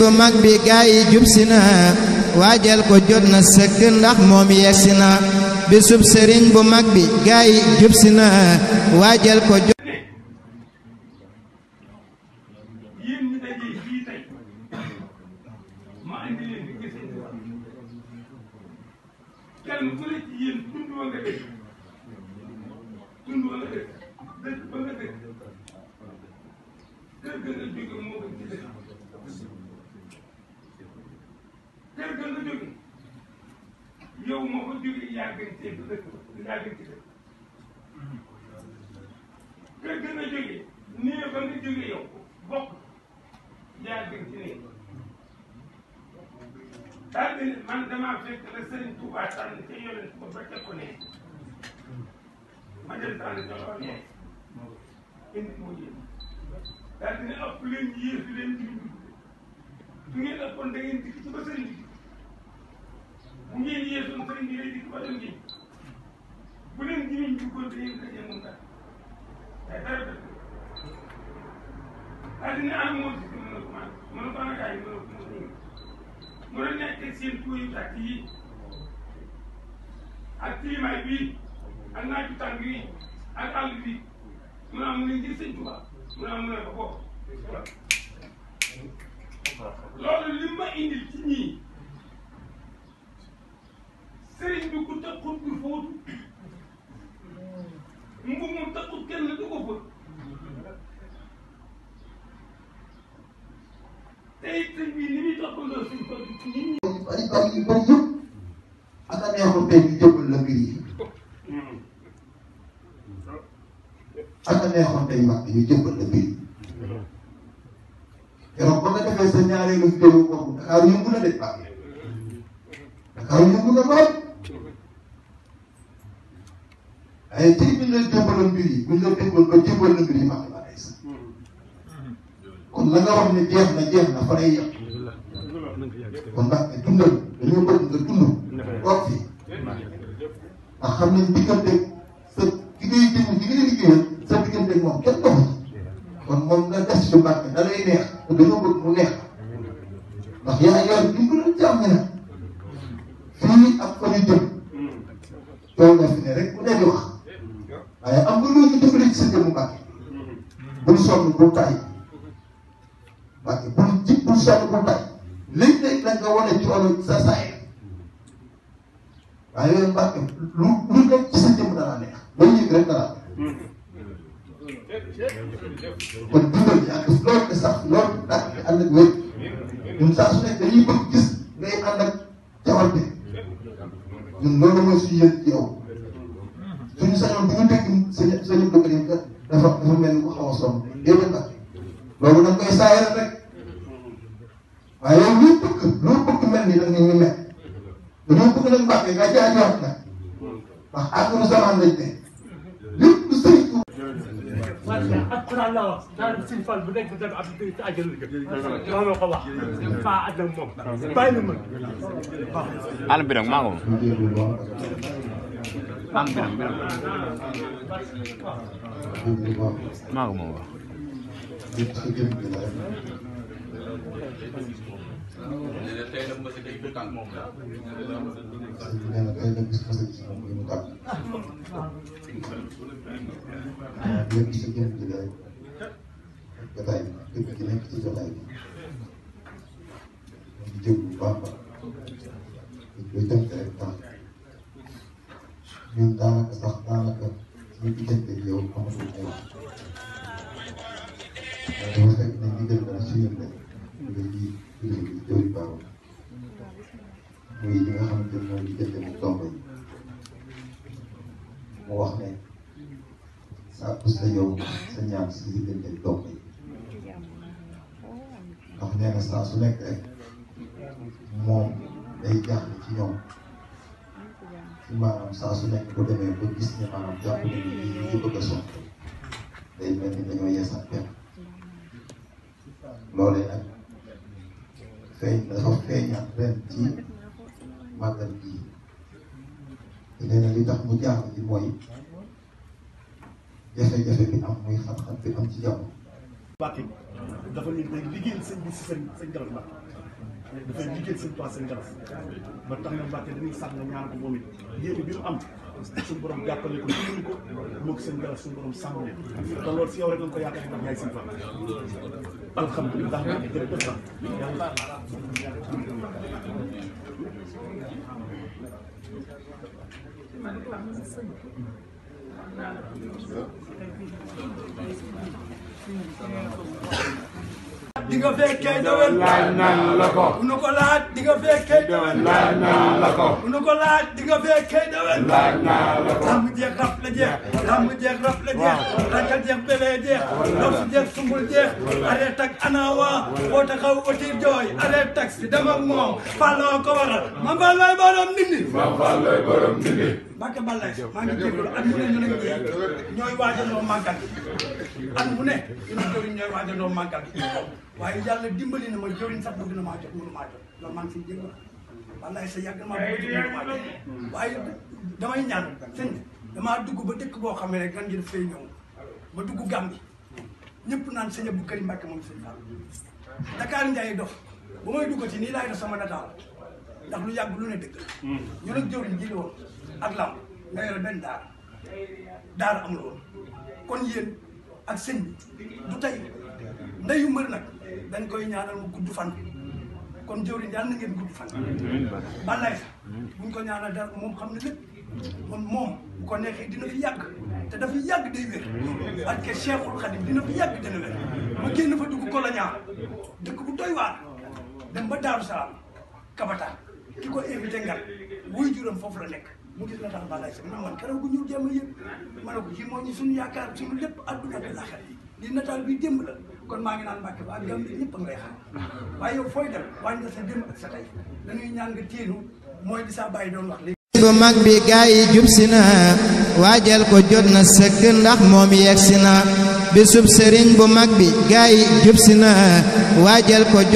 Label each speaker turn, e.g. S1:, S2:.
S1: bu mag bi gaay yi jub waajal ko jot na sëkk ndax moom yegg si bisub sëriñ bu mag bi gaay yi jub waajal ko jot
S2: kër ga nga jóge yow moo ko jóge yaa gën ci dëkk yaa gën ci dëkk kër ga nga jóge néew ba nga jóge yow bokk yaa gën ci néew daal di man damaa fekk la Serigne Touba tànn ca yonent ba ba ca ko ne ma dem tànn ca loo ne indi moo yéen daal di ne ëpp leen yéefi leen ñu du ngeen ëppoon da ngeen dikk ci ba Serigne bu ngeen yee suñu sëriñ bi lay dikk ba dem ji bu leen jëriñ ci góor bi yéen kër yéen moom dara waaye dara dara daal di ne am moom si mën na ko mën mën na ko anakaay mën na ko mën mu doon nekk seen tuur yu tàkk yi ak climat bi ak naaju tàng bi ak àll bi mun a mun a ngir sëñ Tuba mun a mun a ko bokk loolu li ma indil ci ñii sëriñ bi ku taxut bi fóotu mbu mu taxut kenn du ko fóot tey sëñ bi li muy taxawloo suñ ko nit ñi. ay bàyyi yu bëri yëpp
S1: ak a neexoon tey ñu jëmul la mbir yi ak a neexoon tey wax ñu jëmul la mbir yi yow ba nga defee sa ñaareelu vidéo boobu Dakar yëngu na de baax Dakar yëngu na lool waaye eh, tey bu ñu leen jébbaloon mbir yi bu ñu leen jébbal ba na mbir kon la nga wax ne jeex na jeex na fa kon nag dundal dañoo bëgg nga dund toog fi ndax xam nañ diggante sa ki ngay jëm ki ngay liggéeyal sa diggante moom kenn doxu kon moom nga des ci barke da lay neex te dañoo bëgg mu neex ndax yaa waaye bul jib bul sonn bul tay léeg-léeg da nga wane ci olo sa saay waaye yooyu mbàkke lu lu nekk ci sa jëmm dana neex loo yëg rek dana kon dundal ji ak loolu de sax loolu daa di ànd ak wér ñun saa su nekk dañuy bëgg gis ngay ànd ak jawante ñun loolu mooy suñu yëg ci yow suñu sañoon bu ñu dégg sëñ sëñ Abdou Karim dafa dafa mel ni ko xaw a sonn déedéet loolu dañ koy saayal rek waaye yow loo bëgg loo bëgg mel ni nag nit ñi mel dañoo bëgg nag mbàkke nga jaay jox nag ndax àggaru allah
S2: alquran maa ngi ñëpp si génn bi laay. nee na tey la mos a dégg tànk moom la.
S1: nee na tey la gis mos a gis moom li mu tànk. ñëpp si génn bi laay. jotaay bi képp ki nekk ci jotaay bi. di jëm bu baax a baax. di tënk rek tànk. ñun daanaka sax daanaka suñu diggante yow amatul ay wax. dama fekk ne ndigal daal suñu la nga ji jëriñ jëriñ baaxul muy li nga xamante ne mooy diggante mu tomb yi mu wax ne sàkku sa yow sa ñaan si diggante tomb yi ndax nee na saa su nekk rek moom day jaaxle ci ñoom ci maanaam saa su nekk bu demee ba gis ne maanaam jàpp nañu ne ñu bëgg a sonn day mel ni dañoo yeesal pexe. loolee nag feeñ dafa feeñaat ren ci màggal gii
S3: te nee na li tax mu jaaxal ci mooy jafe-jafe bi am muy xam-xam bi am ci jàmm. Mbàkke dafay liggéey seen toit seen galas ba tax na Mbàkke dañuy sax nga ñaanal ko moom it yéen bi mu am suñu borom jàppale ko dimbali ko moog seen galas suñu borom sàmm leen te loolu si yow rek nga ko yaakaar ndax yaay seen fan alhamdulilah jërëjëf yàlla
S2: Thank
S3: you. di
S2: nga fekkee déwén laaj
S3: la ko bu nu ko laaj di nga fekkee déwén la ko bu nu ko laaj di nga fekkee déwén la ko làmb jeex raf la jeex làmb jeex raf jeex rakkal jeex belee jeex dof si jeex anaawa boo taxaw otir jooy arrêt taxi dem ak moom fàlloo ko waral ma fàllooy borom nit ñi ma fàllooy borom Mbacke Balla maa ngi jégalu at mu ñu ne ñooy waajandoo màggal gi at mu ne ñu jëriñ ñooy waajandoo màggal gi waaye yàlla dimbali na ma jëriñ sax bëgg na maa jot mënu maa jot loolu maa ngi siy jégalu sa yàgg maa bëgg mënu maa jot waaye damay ñaan sëñ damaa dugg ba dëkk boo xam ne gan gi fay dugg naan bu Mbacke Fall Dakar dof may duggati sama Natal. ndax lu yàgg lu ne dëgg ñu jëriñ ak làmb nga yore benn daara daara amul woon kon yéen ak sëñ bi du tey ndeyu mbër nag dañ koy ñaanal mu gudd fan kon jëwriñ yàlla na ngeen gudd fan bàllaay sax buñ ko ñaanal dara moom xam ne lépp moom moom bu ko neexee dina fi yàgg te dafa yàgg day wér parce que Cheikhul Khadim dina fi yàgg dana mu ma génn fa dugg Koloña dëkk bu doy waar dem ba Daaru Salaam Kabata ki ko invité ngal wuy juróom foofu la nekk mu gis la tax balay si man man keroog bu ñu jéem a yëg ma ne ko kii moo ñu suñu yaakaar suñu lépp adduna bi laaxal li nataal bi démb la kon maa ngi naan mbàkke ba ak Gàmbi ñëpp a ngay xam waaye yow fooy
S1: dem wàññi nga sa démb ak sa tey dañuy ñaan nga téenu mooy di sa bàyyi doon wax léegi bu mag bi gaay yi jub si na waajal ko jot na sëkk ndax moom yegg si na bisub sëriñ bu mag bi gaay yi jub si na waajal ko